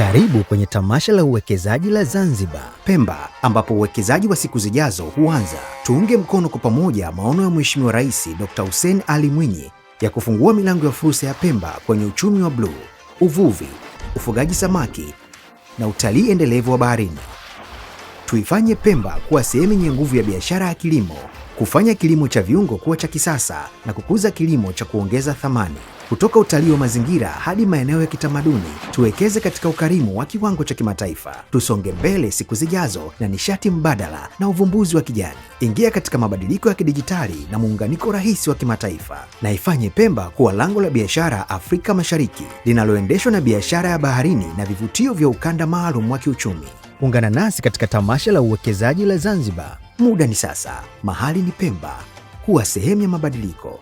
Karibu kwenye tamasha la uwekezaji la Zanzibar Pemba, ambapo uwekezaji wa siku zijazo huanza. Tuunge mkono kwa pamoja maono ya Mheshimiwa Rais Dr. Hussein Ali Mwinyi ya kufungua milango ya fursa ya Pemba kwenye uchumi wa bluu, uvuvi, ufugaji samaki na utalii endelevu wa baharini. Tuifanye Pemba kuwa sehemu yenye nguvu ya biashara ya kilimo, kufanya kilimo cha viungo kuwa cha kisasa na kukuza kilimo cha kuongeza thamani. Kutoka utalii wa mazingira hadi maeneo ya kitamaduni, tuwekeze katika ukarimu wa kiwango cha kimataifa. Tusonge mbele siku zijazo na nishati mbadala na uvumbuzi wa kijani. Ingia katika mabadiliko ya kidijitali na muunganiko rahisi wa kimataifa, na ifanye Pemba kuwa lango la biashara Afrika Mashariki linaloendeshwa na biashara ya baharini na vivutio vya ukanda maalum wa kiuchumi. Ungana nasi katika tamasha la uwekezaji la Zanzibar. Muda ni sasa, mahali ni Pemba. Kuwa sehemu ya mabadiliko.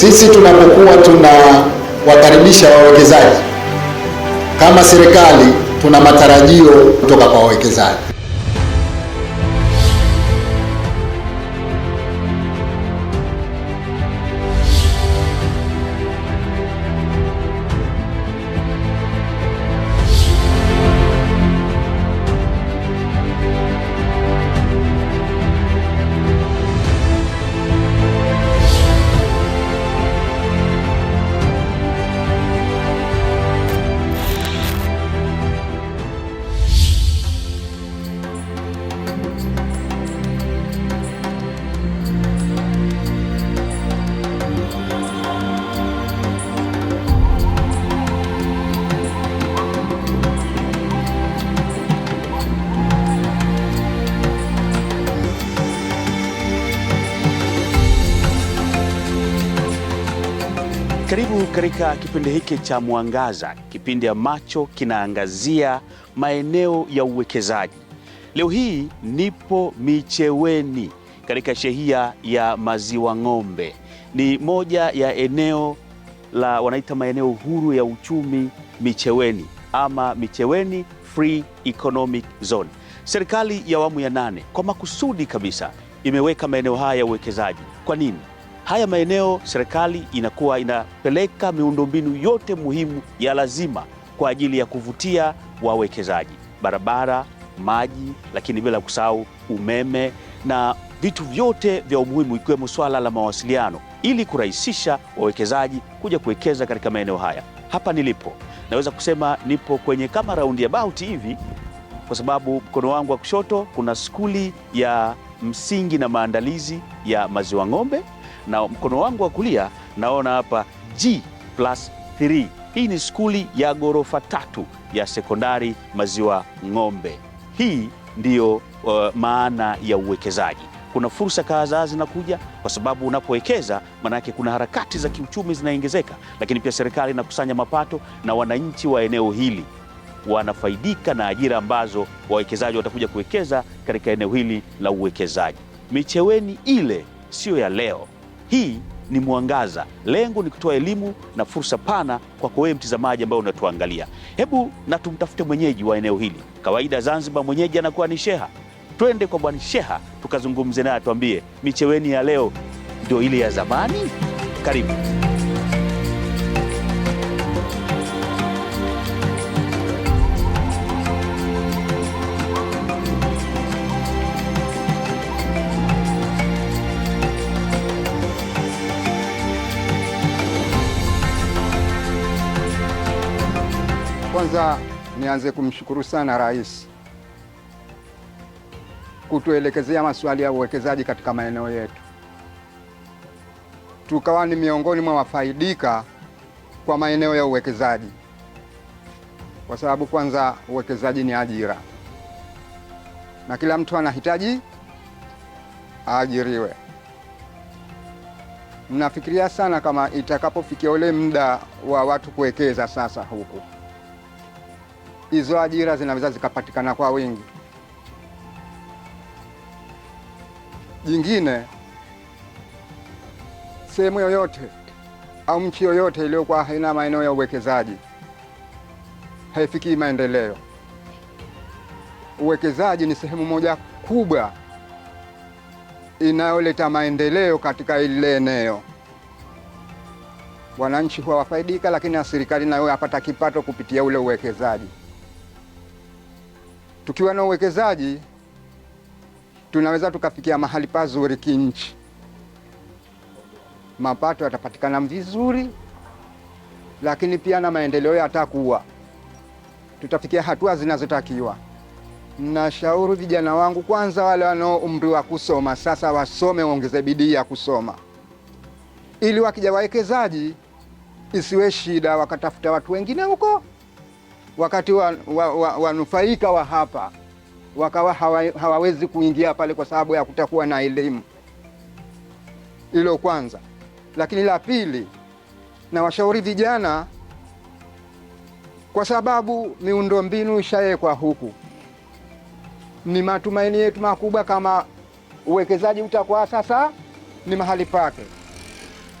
Sisi tunapokuwa tunawakaribisha wawekezaji kama serikali, tuna matarajio kutoka kwa wawekezaji. Katika kipindi hiki cha Mwangaza, kipindi ambacho kinaangazia maeneo ya uwekezaji, leo hii nipo Micheweni katika shehia ya Maziwa Ng'ombe. Ni moja ya eneo la wanaita maeneo huru ya uchumi Micheweni ama Micheweni Free Economic Zone. Serikali ya awamu ya nane kwa makusudi kabisa imeweka maeneo haya ya uwekezaji. Kwa nini? haya maeneo serikali inakuwa inapeleka miundombinu yote muhimu ya lazima kwa ajili ya kuvutia wawekezaji: barabara, maji, lakini bila kusahau umeme na vitu vyote vya umuhimu ikiwemo swala la mawasiliano, ili kurahisisha wawekezaji kuja kuwekeza katika maeneo haya. Hapa nilipo naweza kusema nipo kwenye kama raundi roundabout hivi, kwa sababu mkono wangu wa kushoto kuna skuli ya msingi na maandalizi ya maziwa ng'ombe na mkono wangu wa kulia naona hapa G plus 3. Hii ni skuli ya ghorofa tatu ya sekondari Maziwa Ng'ombe. Hii ndiyo uh, maana ya uwekezaji. Kuna fursa kadhaa zinakuja kwa sababu unapowekeza, maanake kuna harakati za kiuchumi zinaongezeka, lakini pia serikali inakusanya mapato na wananchi wa eneo hili wanafaidika na ajira ambazo wawekezaji watakuja kuwekeza katika eneo hili la uwekezaji. Micheweni ile siyo ya leo, hii ni Mwangaza. Lengo ni kutoa elimu na fursa pana kwako wewe mtizamaji ambaye unatuangalia. Hebu na tumtafute mwenyeji wa eneo hili. Kawaida Zanzibar mwenyeji anakuwa ni Sheha. Twende kwa Bwana Sheha tukazungumze naye, atuambie micheweni ya leo ndio ile ya zamani. Karibu. Kwanza nianze kumshukuru sana Rais kutuelekezea maswali ya uwekezaji katika maeneo yetu, tukawa ni miongoni mwa wafaidika kwa maeneo ya uwekezaji, kwa sababu kwanza uwekezaji ni ajira na kila mtu anahitaji aajiriwe. Mnafikiria sana kama itakapofikia ule muda wa watu kuwekeza sasa huku hizo ajira zinaweza zikapatikana kwa wingi. Jingine, sehemu yoyote au nchi yoyote iliyokuwa haina maeneo ya uwekezaji haifikii maendeleo. Uwekezaji ni sehemu moja kubwa inayoleta maendeleo katika ile eneo. Wananchi huwa wafaidika, lakini na serikali nayo yapata kipato kupitia ule uwekezaji. Tukiwa na uwekezaji tunaweza tukafikia mahali pazuri kinchi, mapato yatapatikana vizuri, lakini pia na maendeleo yatakuwa, tutafikia hatua zinazotakiwa. Nashauri vijana wangu, kwanza wale wanao umri wa kusoma sasa, wasome, waongeze bidii ya kusoma, ili wakija wawekezaji isiwe shida wakatafuta watu wengine huko wakati wanufaika wa, wa, wa, wa hapa wakawa hawa, hawawezi kuingia pale kwa sababu ya kutakuwa na elimu. Hilo kwanza, lakini la pili, na washauri vijana kwa sababu miundombinu ishawekwa huku. Ni matumaini yetu makubwa kama uwekezaji utakuwa sasa ni mahali pake,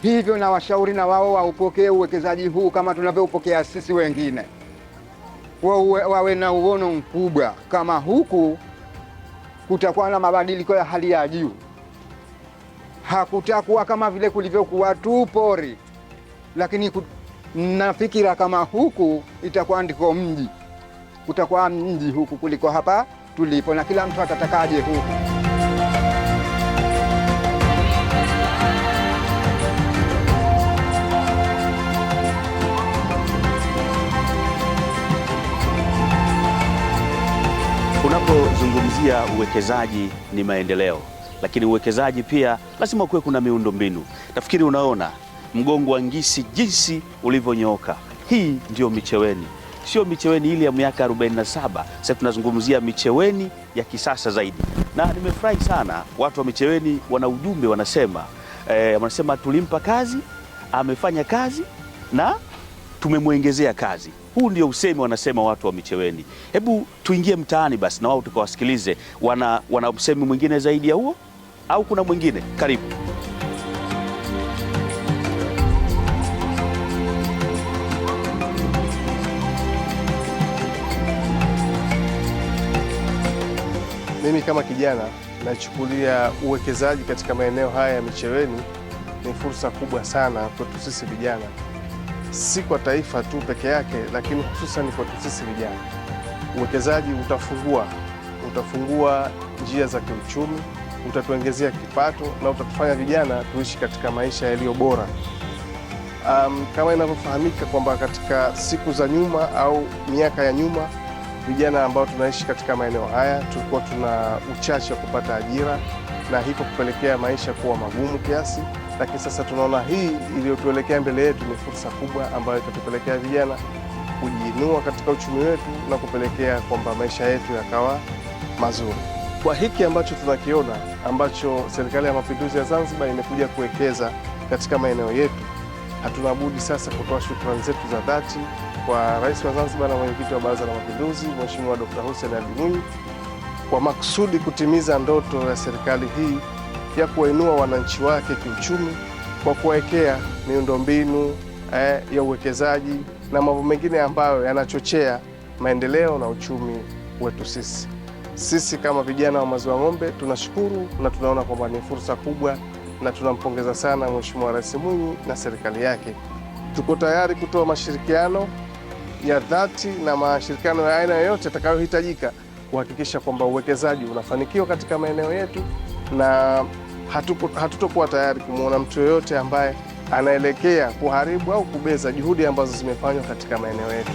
hivyo na washauri na wao waupokee uwekezaji huu kama tunavyoupokea sisi wengine wawe na uono mkubwa, kama huku kutakuwa na mabadiliko ya hali ya juu. Hakutakuwa kama vile kulivyokuwa tu pori, lakini nafikira kama huku itakuwa ndiko mji, kutakuwa mji huku kuliko hapa tulipo, na kila mtu atatakaje huku pia uwekezaji ni maendeleo, lakini uwekezaji pia lazima kuwe kuna miundo mbinu. Nafikiri unaona mgongo wa Ngisi jinsi ulivyonyooka. Hii ndiyo Micheweni, sio Micheweni ile ya miaka 47. Sasa tunazungumzia Micheweni ya kisasa zaidi, na nimefurahi sana watu wa Micheweni wana ujumbe, wanasema eh, wanasema tulimpa kazi, amefanya kazi na tumemwengezea kazi. Huu ndio usemi wanasema watu wa Micheweni. Hebu tuingie mtaani basi na wao tukawasikilize, wana, wana usemi mwingine zaidi ya huo au kuna mwingine? Karibu. Mimi kama kijana nachukulia uwekezaji katika maeneo haya ya Micheweni ni fursa kubwa sana kwetu sisi vijana si kwa taifa tu peke yake, lakini hususan kwa sisi vijana. Uwekezaji utafungua utafungua njia za kiuchumi, utatuongezea kipato na utatufanya vijana tuishi katika maisha yaliyo bora. Um, kama inavyofahamika kwamba katika siku za nyuma au miaka ya nyuma, vijana ambao tunaishi katika maeneo haya tulikuwa tuna uchache wa kupata ajira na hivyo kupelekea maisha kuwa magumu kiasi lakini sasa tunaona hii iliyotuelekea mbele yetu ni fursa kubwa ambayo itatupelekea vijana kujiinua katika uchumi wetu na kupelekea kwamba maisha yetu yakawa mazuri. Kwa hiki ambacho tunakiona ambacho Serikali ya Mapinduzi ya Zanzibar imekuja kuwekeza katika maeneo yetu, hatuna budi sasa kutoa shukrani zetu za dhati kwa Rais wa Zanzibar na Mwenyekiti wa Baraza la Mapinduzi Mheshimiwa Dkt. Hussein Ali Mwinyi kwa maksudi kutimiza ndoto ya serikali hii ya kuwainua wananchi wake kiuchumi kwa kuwawekea miundombinu eh, ya uwekezaji na mambo mengine ambayo yanachochea maendeleo na uchumi wetu sisi. Sisi kama vijana wa maziwa ng'ombe tunashukuru na tunaona kwamba ni fursa kubwa na tunampongeza sana Mheshimiwa Rais Mwinyi na serikali yake. Tuko tayari kutoa mashirikiano ya dhati na mashirikiano ya aina yoyote yatakayohitajika kuhakikisha kwamba uwekezaji unafanikiwa katika maeneo yetu na hatutokuwa tayari kumwona mtu yoyote ambaye anaelekea kuharibu au kubeza juhudi ambazo zimefanywa katika maeneo yetu.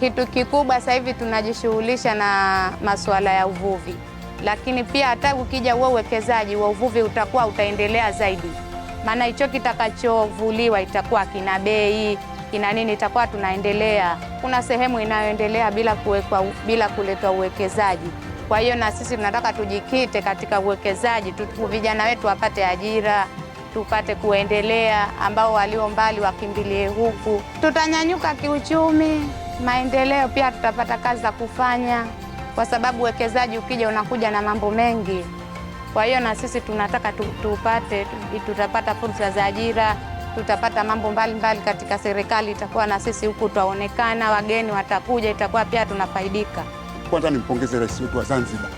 Kitu kikubwa sasa hivi tunajishughulisha na masuala ya uvuvi lakini pia hata ukija huo uwekezaji wa uvuvi utakuwa utaendelea zaidi, maana hicho kitakachovuliwa itakuwa kina bei kina nini, itakuwa tunaendelea. Kuna sehemu inayoendelea bila kuwekwa, bila kuletwa uwekezaji. Kwa hiyo na sisi tunataka tujikite katika uwekezaji, vijana wetu wapate ajira tupate kuendelea, ambao walio mbali wakimbilie huku, tutanyanyuka kiuchumi, maendeleo, pia tutapata kazi za kufanya kwa sababu uwekezaji ukija unakuja na mambo mengi. Kwa hiyo na sisi tunataka tupate, tutapata fursa za ajira, tutapata mambo mbalimbali mbali katika serikali, itakuwa na sisi huku twaonekana, wageni watakuja, itakuwa pia tunafaidika. Kwanza nimpongeze rais wetu wa Zanzibar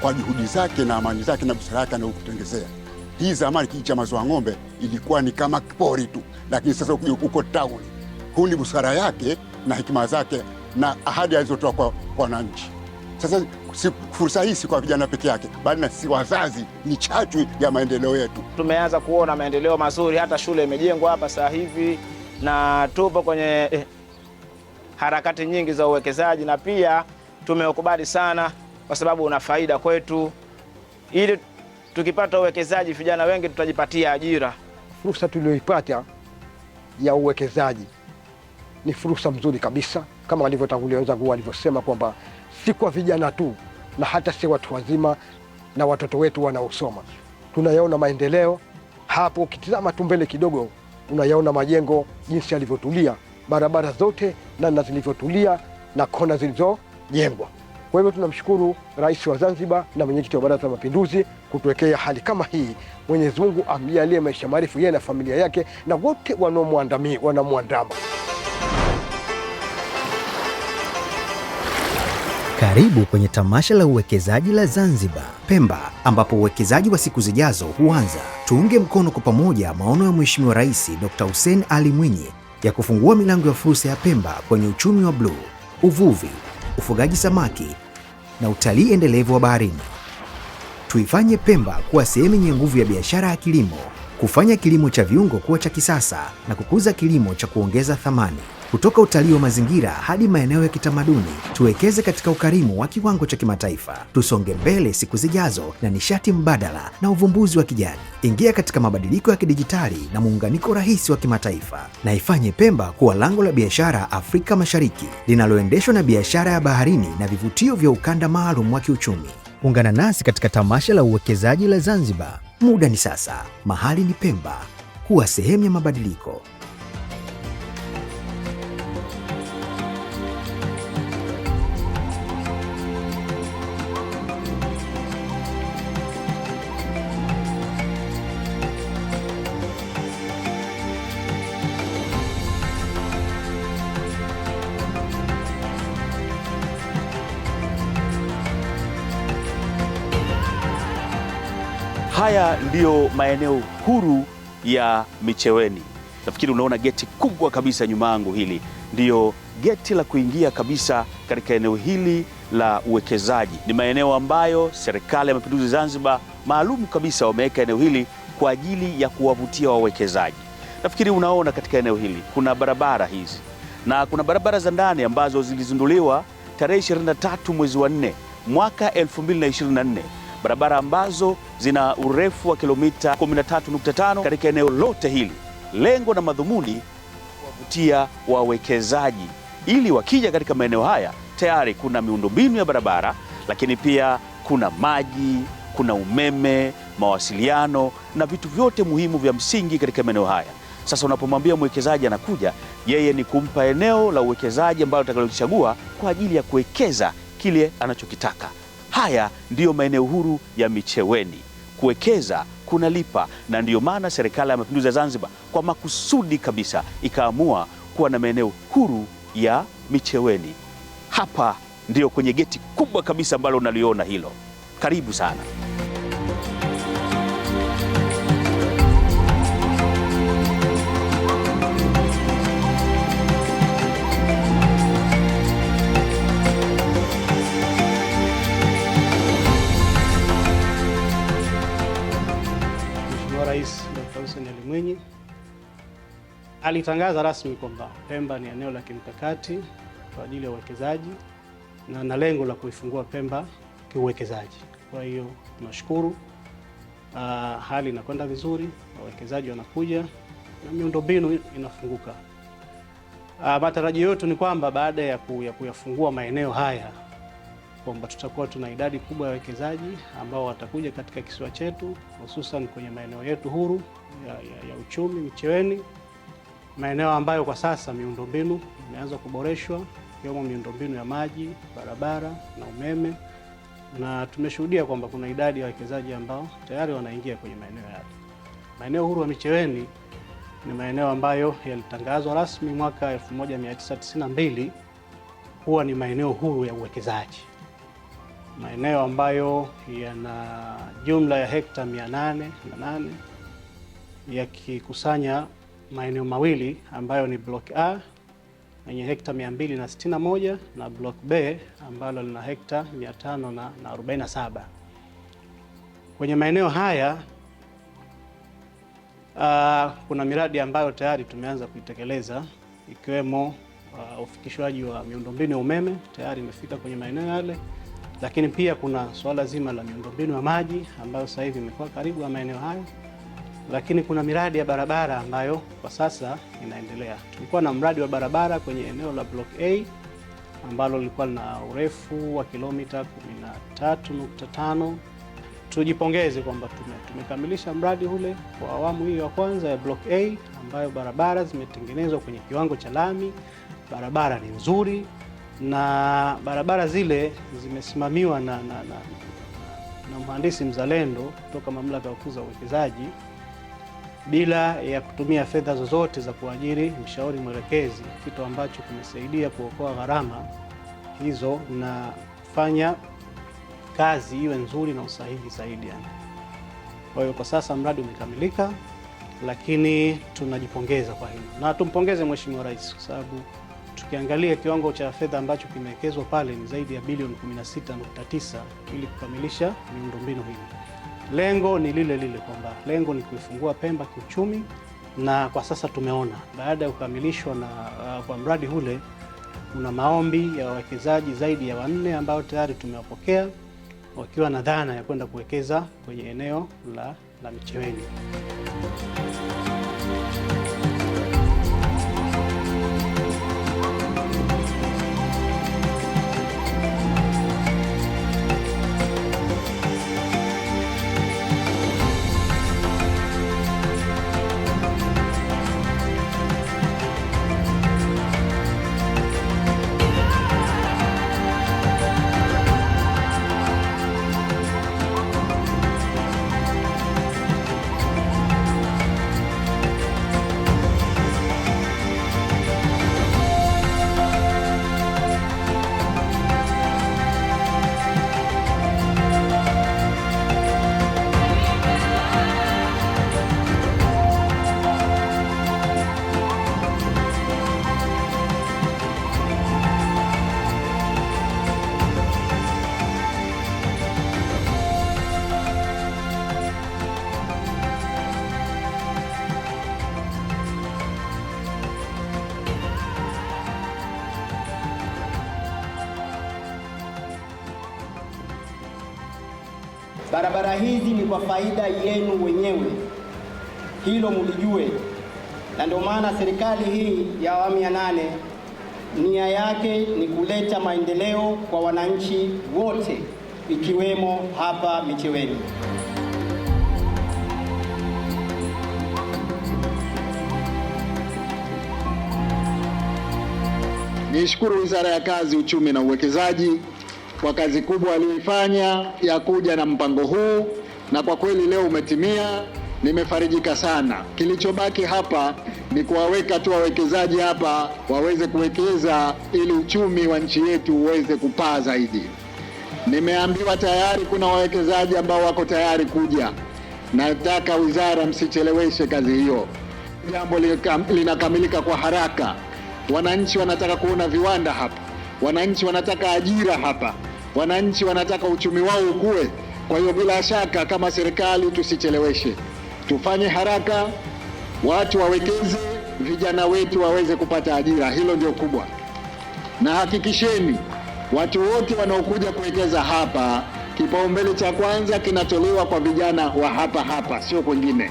kwa juhudi zake na amani zake na busara yake anayokutengezea hii. Zamani kijiji cha Maziwa Ng'ombe ilikuwa ni kama kipori tu, lakini sasa uko tauni, huu ni busara yake na hekima zake na ahadi alizotoa kwa wananchi. Sasa si, fursa hii si kwa vijana peke yake, bali na si wazazi, ni chachu ya maendeleo yetu. Tumeanza kuona maendeleo mazuri, hata shule imejengwa hapa sasa hivi na tupo kwenye eh, harakati nyingi za uwekezaji, na pia tumeukubali sana kwa sababu una faida kwetu, ili tukipata uwekezaji vijana wengi tutajipatia ajira. Fursa tuliyoipata ya uwekezaji ni fursa mzuri kabisa, kama walivyotangulia wenzangu walivyosema kwamba si kwa vijana tu, na hata si watu wazima na watoto wetu wanaosoma. Tunayaona maendeleo hapo, ukitizama tu mbele kidogo unayaona majengo jinsi yalivyotulia, barabara zote na zilivyotulia na kona zilizojengwa. Kwa hivyo tunamshukuru Rais wa Zanzibar na mwenyekiti wa Baraza la Mapinduzi kutuwekea hali kama hii. Mwenyezi Mungu amjalie maisha marefu yeye na familia yake na wote wanamwandama Karibu kwenye tamasha la uwekezaji la Zanzibar, Pemba, ambapo uwekezaji wa siku zijazo huanza. Tuunge mkono kwa pamoja maono ya Mheshimiwa Rais Dr. Hussein Ali Mwinyi ya kufungua milango ya fursa ya Pemba kwenye uchumi wa bluu, uvuvi, ufugaji samaki na utalii endelevu wa baharini. Tuifanye Pemba kuwa sehemu yenye nguvu ya biashara ya kilimo, kufanya kilimo cha viungo kuwa cha kisasa na kukuza kilimo cha kuongeza thamani. Kutoka utalii wa mazingira hadi maeneo ya kitamaduni, tuwekeze katika ukarimu wa kiwango cha kimataifa. Tusonge mbele siku zijazo na nishati mbadala na uvumbuzi wa kijani. Ingia katika mabadiliko ya kidijitali na muunganiko rahisi wa kimataifa, na ifanye Pemba kuwa lango la biashara Afrika Mashariki linaloendeshwa na biashara ya baharini na vivutio vya ukanda maalum wa kiuchumi. Ungana nasi katika tamasha la uwekezaji la Zanzibar. Muda ni sasa, mahali ni Pemba. Kuwa sehemu ya mabadiliko. ndio maeneo huru ya Micheweni. Nafikiri unaona geti kubwa kabisa nyuma yangu, hili ndiyo geti la kuingia kabisa katika eneo hili la uwekezaji. Ni maeneo ambayo serikali ya mapinduzi Zanzibar maalum kabisa wameweka eneo hili kwa ajili ya kuwavutia wawekezaji. Nafikiri unaona katika eneo hili kuna barabara hizi na kuna barabara za ndani ambazo zilizinduliwa tarehe 23 mwezi wa 4 mwaka 2024 barabara ambazo zina urefu wa kilomita 13.5 katika eneo lote hili, lengo na madhumuni kuwavutia wawekezaji ili wakija katika maeneo haya, tayari kuna miundombinu ya barabara, lakini pia kuna maji, kuna umeme, mawasiliano na vitu vyote muhimu vya msingi katika maeneo haya. Sasa unapomwambia mwekezaji anakuja, yeye ni kumpa eneo la uwekezaji ambalo atakalochagua kwa ajili ya kuwekeza kile anachokitaka. Haya ndiyo maeneo huru ya Micheweni. Kuwekeza kunalipa, na ndiyo maana serikali ya mapinduzi ya Zanzibar kwa makusudi kabisa ikaamua kuwa na maeneo huru ya Micheweni. Hapa ndiyo kwenye geti kubwa kabisa ambalo unaliona hilo. Karibu sana. alitangaza rasmi kwamba Pemba ni eneo la kimkakati kwa ajili ya uwekezaji na na lengo la kuifungua Pemba kiuwekezaji. Kwa hiyo tunashukuru, ah, hali inakwenda vizuri, wawekezaji wanakuja na miundombinu inafunguka. Ah, matarajio yetu ni kwamba baada ya kuyafungua maeneo haya kwamba tutakuwa tuna idadi kubwa ya wawekezaji ambao watakuja katika kisiwa chetu, hususan kwenye maeneo yetu huru ya, ya, ya uchumi Micheweni maeneo ambayo kwa sasa miundombinu imeanza kuboreshwa ikiwemo miundombinu ya maji, barabara na umeme, na tumeshuhudia kwamba kuna idadi ya wawekezaji ambao tayari wanaingia kwenye maeneo yale. Maeneo huru ya Micheweni ni maeneo ambayo yalitangazwa rasmi mwaka 1992 huwa ni maeneo huru ya uwekezaji, maeneo ambayo yana jumla ya hekta 808 yakikusanya maeneo mawili ambayo ni block A yenye hekta 261 na, na block B ambalo lina hekta 547. Kwenye maeneo haya uh, kuna miradi ambayo tayari tumeanza kuitekeleza ikiwemo uh, ufikishwaji wa miundombinu ya umeme tayari imefika kwenye maeneo yale, lakini pia kuna suala zima la miundombinu ya maji ambayo sasa hivi imekuwa karibu na maeneo hayo lakini kuna miradi ya barabara ambayo kwa sasa inaendelea. Tulikuwa na mradi wa barabara kwenye eneo la Block A ambalo lilikuwa lina urefu wa kilomita 13.5. Tujipongeze kwamba tumekamilisha mradi ule kwa awamu hiyo ya kwanza ya Block A ambayo barabara zimetengenezwa kwenye kiwango cha lami, barabara ni nzuri na barabara zile zimesimamiwa na, na, na, na mhandisi mzalendo kutoka Mamlaka ya Ukuza Uwekezaji bila ya kutumia fedha zozote za kuajiri mshauri mwelekezi, kitu ambacho kimesaidia kuokoa gharama hizo na kufanya kazi iwe nzuri na usahihi zaidi. Kwa hiyo kwa sasa mradi umekamilika, lakini tunajipongeza kwa hilo na tumpongeze Mheshimiwa Rais kwa sababu tukiangalia kiwango cha fedha ambacho kimewekezwa pale ni zaidi ya bilioni 16.9 ili kukamilisha miundombinu hii lengo ni lile lile, kwamba lengo ni kuifungua Pemba kiuchumi, na kwa sasa tumeona baada ya kukamilishwa na uh, kwa mradi ule kuna maombi ya wawekezaji zaidi ya wanne ambao tayari tumewapokea wakiwa na dhana ya kwenda kuwekeza kwenye eneo la, la Micheweni. Barabara hizi ni kwa faida yenu wenyewe, hilo mulijue, na ndio maana serikali hii ya awamu ya nane nia yake ni kuleta maendeleo kwa wananchi wote ikiwemo hapa Micheweni. Niishukuru Wizara ya Kazi, Uchumi na Uwekezaji kwa kazi kubwa aliyoifanya ya kuja na mpango huu, na kwa kweli leo umetimia. Nimefarijika sana. Kilichobaki hapa ni kuwaweka tu wawekezaji hapa waweze kuwekeza ili uchumi wa nchi yetu uweze kupaa zaidi. Nimeambiwa tayari kuna wawekezaji ambao wako tayari kuja. Nataka wizara msicheleweshe kazi hiyo, jambo linakamilika kwa haraka. Wananchi wanataka kuona viwanda hapa. Wananchi wanataka ajira hapa, wananchi wanataka uchumi wao ukue. Kwa hiyo bila shaka, kama serikali, tusicheleweshe, tufanye haraka, watu wawekeze, vijana wetu waweze kupata ajira. Hilo ndio kubwa, na hakikisheni watu wote wanaokuja kuwekeza hapa, kipaumbele cha kwanza kinatolewa kwa vijana wa hapa hapa, sio kwingine.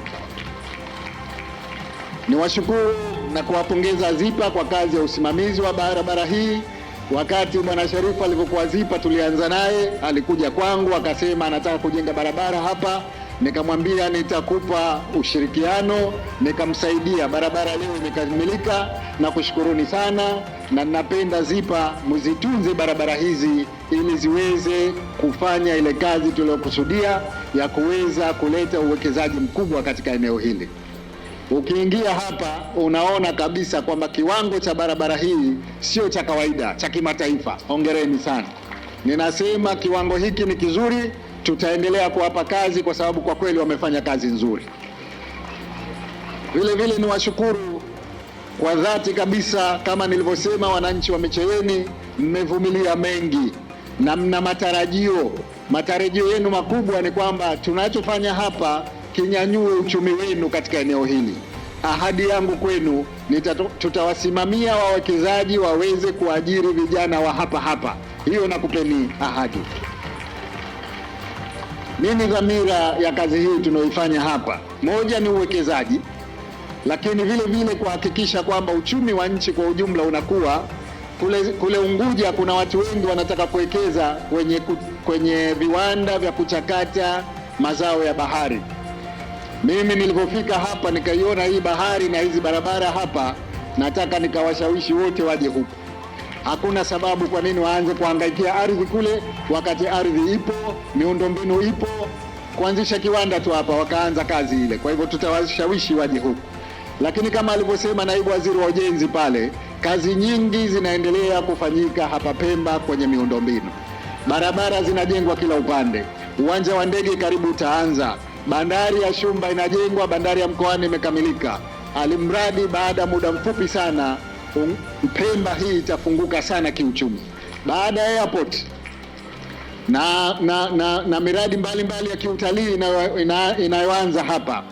Niwashukuru na kuwapongeza ZIPA kwa kazi ya usimamizi wa barabara hii. Wakati bwana Sharifu alivyokuwa Zipa, tulianza naye, alikuja kwangu akasema anataka kujenga barabara hapa, nikamwambia nitakupa ushirikiano, nikamsaidia. Barabara leo imekamilika na kushukuruni sana, na ninapenda Zipa mzitunze barabara hizi ili ziweze kufanya ile kazi tuliyokusudia ya kuweza kuleta uwekezaji mkubwa katika eneo hili. Ukiingia hapa unaona kabisa kwamba kiwango cha barabara hii sio cha kawaida, cha kimataifa. Hongereni sana. Ninasema kiwango hiki ni kizuri, tutaendelea kuwapa kazi kwa sababu kwa kweli wamefanya kazi nzuri. Vile vile niwashukuru kwa dhati kabisa, kama nilivyosema, wananchi wa Micheweni, mmevumilia mengi na mna matarajio. Matarajio yenu makubwa ni kwamba tunachofanya hapa kinyanyue uchumi wenu katika eneo hili. Ahadi yangu kwenu ni tutawasimamia wawekezaji waweze kuajiri vijana wa hapa hapa. Hiyo nakupeni ahadi. Nini dhamira ya kazi hii tunayoifanya hapa? Moja ni uwekezaji, lakini vile vile kuhakikisha kwamba uchumi wa nchi kwa ujumla unakuwa. Kule, kule Unguja kuna watu wengi wanataka kuwekeza kwenye, kwenye viwanda vya kuchakata mazao ya bahari. Mimi nilipofika hapa nikaiona hii bahari na hizi barabara hapa, nataka nikawashawishi wote waje huku. Hakuna sababu kwa nini waanze kuhangaikia ardhi kule, wakati ardhi ipo, miundombinu ipo, kuanzisha kiwanda tu hapa wakaanza kazi ile. Kwa hivyo tutawashawishi waje huku, lakini kama alivyosema naibu waziri wa ujenzi pale, kazi nyingi zinaendelea kufanyika hapa Pemba kwenye miundombinu, barabara zinajengwa kila upande, uwanja wa ndege karibu utaanza. Bandari ya Shumba inajengwa, bandari ya Mkoani imekamilika. Alimradi baada ya muda mfupi sana Pemba hii itafunguka sana kiuchumi. Baada ya airport na, na, na, na miradi mbalimbali mbali ya kiutalii inayoanza hapa,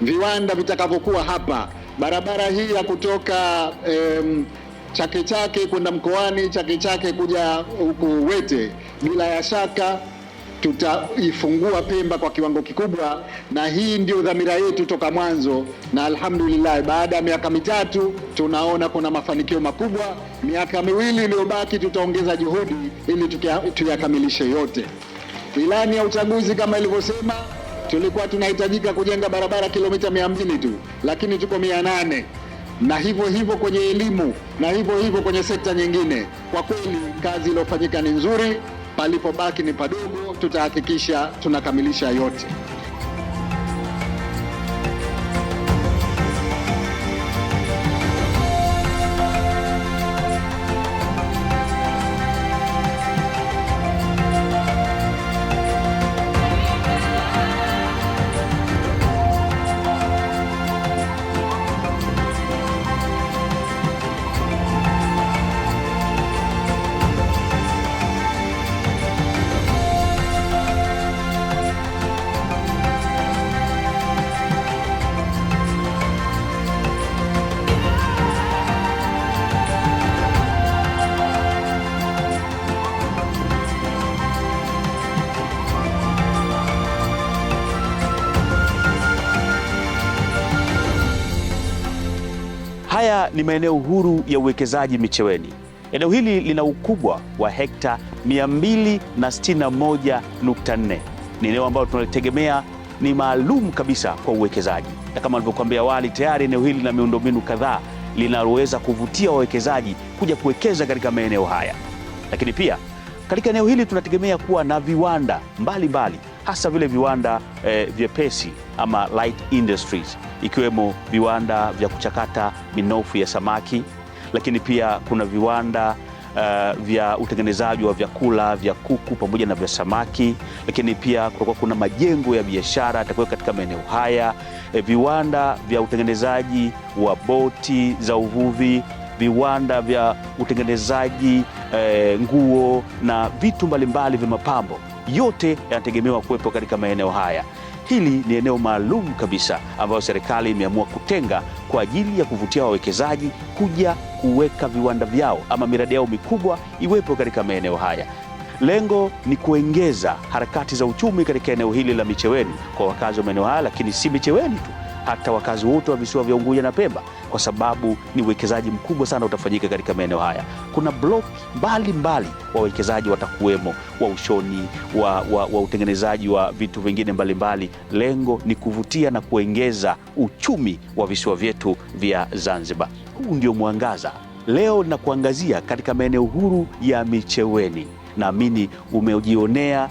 viwanda vitakavyokuwa hapa, barabara hii ya kutoka em, Chake Chake kwenda Mkoani, Chake Chake kuja huku Wete, bila ya shaka tutaifungua Pemba kwa kiwango kikubwa, na hii ndio dhamira yetu toka mwanzo, na alhamdulillah, baada ya miaka mitatu tunaona kuna mafanikio makubwa. Miaka miwili iliyobaki tutaongeza juhudi ili tuyakamilishe yote. Ilani ya uchaguzi kama ilivyosema, tulikuwa tunahitajika kujenga barabara kilomita 200 tu, lakini tuko 800 na hivyo hivyo kwenye elimu na hivyo hivyo kwenye sekta nyingine. Kwa kweli kazi iliyofanyika ni nzuri. Palipobaki ni padogo, tutahakikisha tunakamilisha yote. ni maeneo huru ya uwekezaji Micheweni. Eneo hili lina ukubwa wa hekta 261.4. Ni eneo ambalo tunalitegemea ni maalum kabisa kwa uwekezaji, na kama nilivyokuambia awali, tayari eneo hili lina miundombinu kadhaa linaloweza kuvutia wawekezaji kuja kuwekeza katika maeneo haya. Lakini pia katika eneo hili tunategemea kuwa na viwanda mbalimbali hasa vile viwanda eh, vyepesi ama light industries, ikiwemo viwanda vya kuchakata minofu ya samaki, lakini pia kuna viwanda Uh, vya utengenezaji wa vyakula vya kuku pamoja na vya samaki, lakini pia kutakuwa kuna majengo ya biashara yatakuwa katika maeneo haya, e, viwanda vya utengenezaji wa boti za uvuvi, viwanda vya utengenezaji e, nguo na vitu mbalimbali vya mapambo yote yanategemewa kuwepo katika maeneo haya. Hili ni eneo maalum kabisa ambayo serikali imeamua kutenga kwa ajili ya kuvutia wawekezaji kuja kuweka viwanda vyao ama miradi yao mikubwa iwepo katika maeneo haya. Lengo ni kuongeza harakati za uchumi katika eneo hili la Micheweni kwa wakazi wa maeneo haya, lakini si Micheweni tu hata wakazi wote wa visiwa vya Unguja na Pemba, kwa sababu ni uwekezaji mkubwa sana utafanyika katika maeneo haya. Kuna blok mbalimbali wawekezaji watakuwemo, wa ushoni, wa, wa, wa utengenezaji wa vitu vingine mbalimbali. Lengo ni kuvutia na kuengeza uchumi wa visiwa vyetu vya Zanzibar. Huu ndio mwangaza leo nakuangazia katika maeneo huru ya Micheweni. Naamini umejionea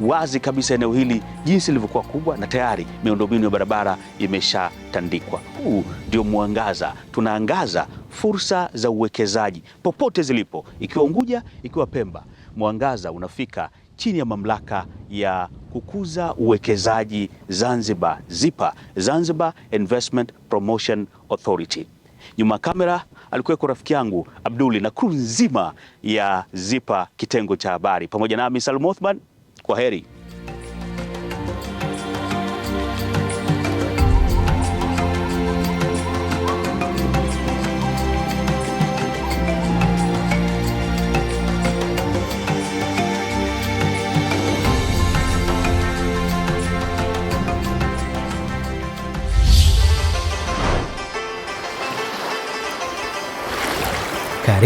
wazi kabisa eneo hili jinsi lilivyokuwa kubwa, na tayari miundombinu ya barabara imeshatandikwa. Huu ndio mwangaza, tunaangaza fursa za uwekezaji popote zilipo, ikiwa Unguja, ikiwa Pemba. Mwangaza unafika chini ya mamlaka ya kukuza uwekezaji Zanzibar, ZIPA, Zanzibar Investment Promotion Authority. Nyuma kamera alikuweko rafiki yangu Abduli na kuru nzima ya ZIPA kitengo cha habari, pamoja nami Salum Othman. correrem.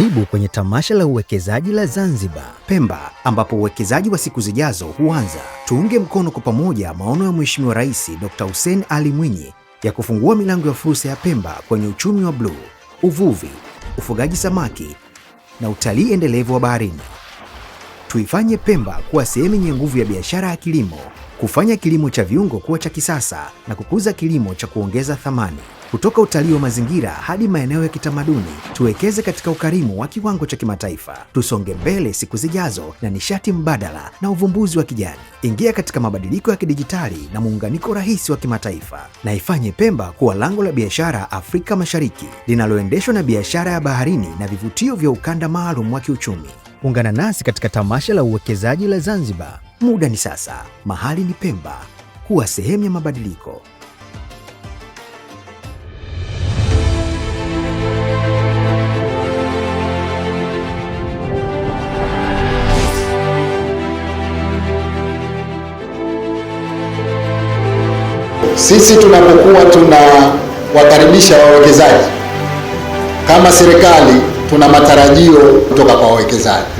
Karibu kwenye tamasha la uwekezaji la Zanzibar, Pemba, ambapo uwekezaji wa siku zijazo huanza. Tuunge mkono kwa pamoja maono ya Mheshimiwa Rais Dr. Hussein Ali Mwinyi ya kufungua milango ya fursa ya Pemba kwenye uchumi wa bluu, uvuvi, ufugaji samaki na utalii endelevu wa baharini. Tuifanye Pemba kuwa sehemu yenye nguvu ya biashara ya kilimo, kufanya kilimo cha viungo kuwa cha kisasa na kukuza kilimo cha kuongeza thamani. Kutoka utalii wa mazingira hadi maeneo ya kitamaduni, tuwekeze katika ukarimu wa kiwango cha kimataifa. Tusonge mbele siku zijazo na nishati mbadala na uvumbuzi wa kijani. Ingia katika mabadiliko ya kidijitali na muunganiko rahisi wa kimataifa, na ifanye Pemba kuwa lango la biashara Afrika Mashariki linaloendeshwa na biashara ya baharini na vivutio vya ukanda maalum wa kiuchumi. Ungana nasi katika tamasha la uwekezaji la Zanzibar. Muda ni sasa, mahali ni Pemba. Kuwa sehemu ya mabadiliko. sisi tunapokuwa tunawakaribisha wawekezaji kama serikali, tuna matarajio kutoka kwa wawekezaji.